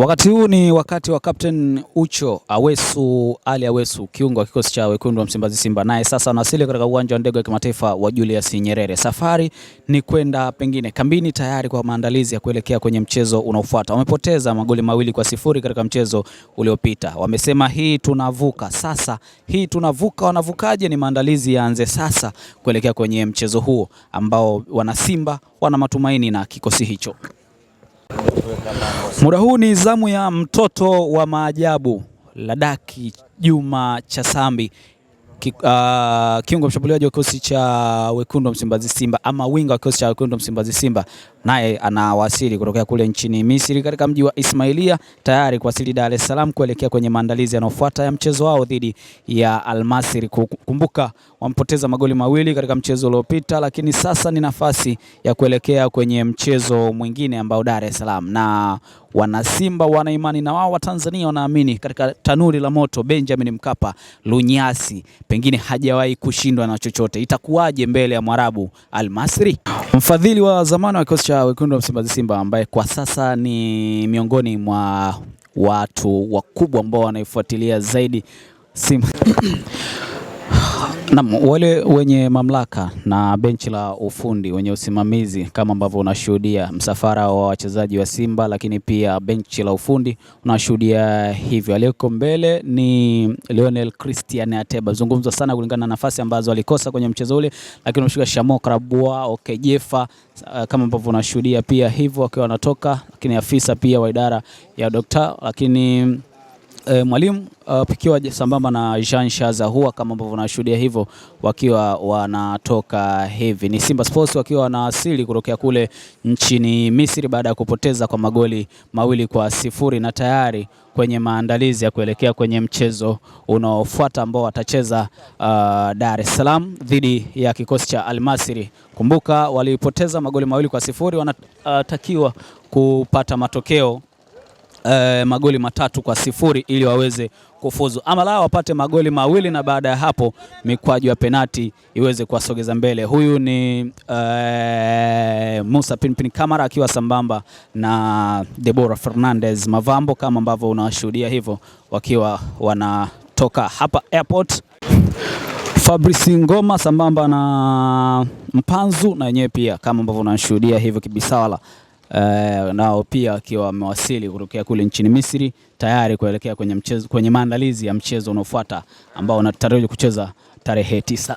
Wakati huu ni wakati wa Captain Ucho Awesu, Ali Awesu, kiungo wa kikosi cha wekundu wa Msimbazi Simba, naye sasa anawasili katika uwanja wa ndege wa kimataifa wa Julius Nyerere. Safari ni kwenda pengine kambini tayari kwa maandalizi ya kuelekea kwenye mchezo unaofuata. Wamepoteza magoli mawili kwa sifuri katika mchezo uliopita, wamesema hii tunavuka. Sasa hii tunavuka, wanavukaje? Ni maandalizi yaanze sasa kuelekea kwenye mchezo huo ambao wanasimba wana matumaini na kikosi hicho. Muda huu ni zamu ya mtoto wa maajabu Ladaki Juma Chasambi Ki, uh, kiungo mshambuliaji wa kikosi cha wekundu wa Msimbazi Simba ama winga wa kikosi cha wekundu wa Msimbazi Simba, naye anawasili kutokea kule nchini Misri katika mji wa Ismailia, tayari kuwasili Dar es Salaam kuelekea kwenye maandalizi yanayofuata ya mchezo wao dhidi ya almasiri Kumbuka wamepoteza magoli mawili katika mchezo uliopita, lakini sasa ni nafasi ya kuelekea kwenye mchezo mwingine ambao Dar es Salaam na wanasimba wana imani na wao, Watanzania wanaamini katika tanuri la moto Benjamin Mkapa. Lunyasi pengine hajawahi kushindwa na chochote, itakuwaje mbele ya Mwarabu almasri Mfadhili wa zamani wa kikosi cha wekundu wa Msimbazi Simba, ambaye kwa sasa ni miongoni mwa watu wakubwa ambao wanaifuatilia zaidi Simba Naam, wale wenye mamlaka na benchi la ufundi wenye usimamizi kama ambavyo unashuhudia msafara wa wachezaji wa Simba, lakini pia benchi la ufundi unashuhudia hivyo. Aliyeko mbele ni Lionel Christian Ateba, zungumzwa sana kulingana na nafasi ambazo alikosa kwenye mchezo ule, lakini ameshika Shamo Krabua Okejefa eh, kama ambavyo unashuhudia pia hivyo akiwa anatoka, lakini afisa pia wa idara ya dokta, lakini e, mwalimu uh, pikiwa sambamba na Jean Shaza huwa kama ambavyo unashuhudia hivyo, wakiwa wanatoka hivi. Ni Simba Sports wakiwa wanaasili kutokea kule nchini Misri baada ya kupoteza kwa magoli mawili kwa sifuri na tayari kwenye maandalizi ya kuelekea kwenye mchezo unaofuata ambao watacheza uh, Dar es Salaam dhidi ya kikosi cha Almasiri. Kumbuka walipoteza magoli mawili kwa sifuri, wanatakiwa uh, kupata matokeo eh, magoli matatu kwa sifuri ili waweze kufuzu, ama la wapate magoli mawili na baada ya hapo mikwaju ya penati iweze kuwasogeza mbele. Huyu ni eh, Musa Pinpin Kamara akiwa sambamba na Debora Fernandez Mavambo, kama ambavyo unawashuhudia hivyo wakiwa wanatoka hapa airport. Fabrice Ngoma sambamba na Mpanzu na wenyewe pia kama ambavyo unashuhudia hivyo kibisawala eh, nao pia wakiwa wamewasili kutokea kule nchini Misri tayari kuelekea kwenye mchezo, kwenye maandalizi ya mchezo unaofuata ambao unatarajiwa kucheza tarehe tisa.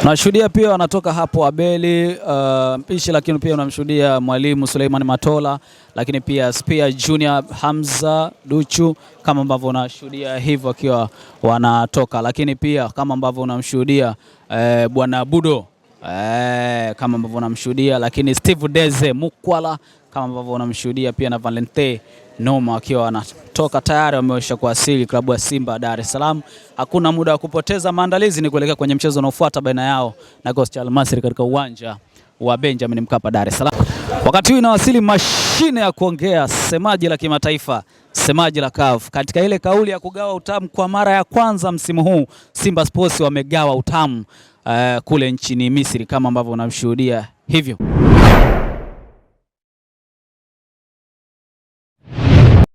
Tunashuhudia pia wanatoka hapo Abeli uh, Mpishi, lakini pia unamshuhudia mwalimu Suleiman Matola, lakini pia Spia Junior Hamza Duchu, kama ambavyo unashuhudia hivyo wakiwa wanatoka, lakini pia kama ambavyo unamshuhudia eh, bwana Budo Eh, kama ambavyo unamshuhudia lakini Steve Deze Mukwala kama ambavyo unamshuhudia pia na Valente Noma wakiwa wanatoka tayari wameisha kuwasili klabu ya Simba Dar es Salaam. Hakuna muda wa kupoteza, maandalizi ni kuelekea kwenye mchezo unaofuata baina yao na Ghost Almasri katika uwanja wa Benjamin Mkapa Dar es Salaam. Wakati huu inawasili mashine ya kuongea semaji la kimataifa semaji la CAF katika ile kauli ya kugawa utamu. Kwa mara ya kwanza msimu huu Simba Sports wamegawa utamu Eh, kule nchini Misri kama ambavyo unamshuhudia hivyo.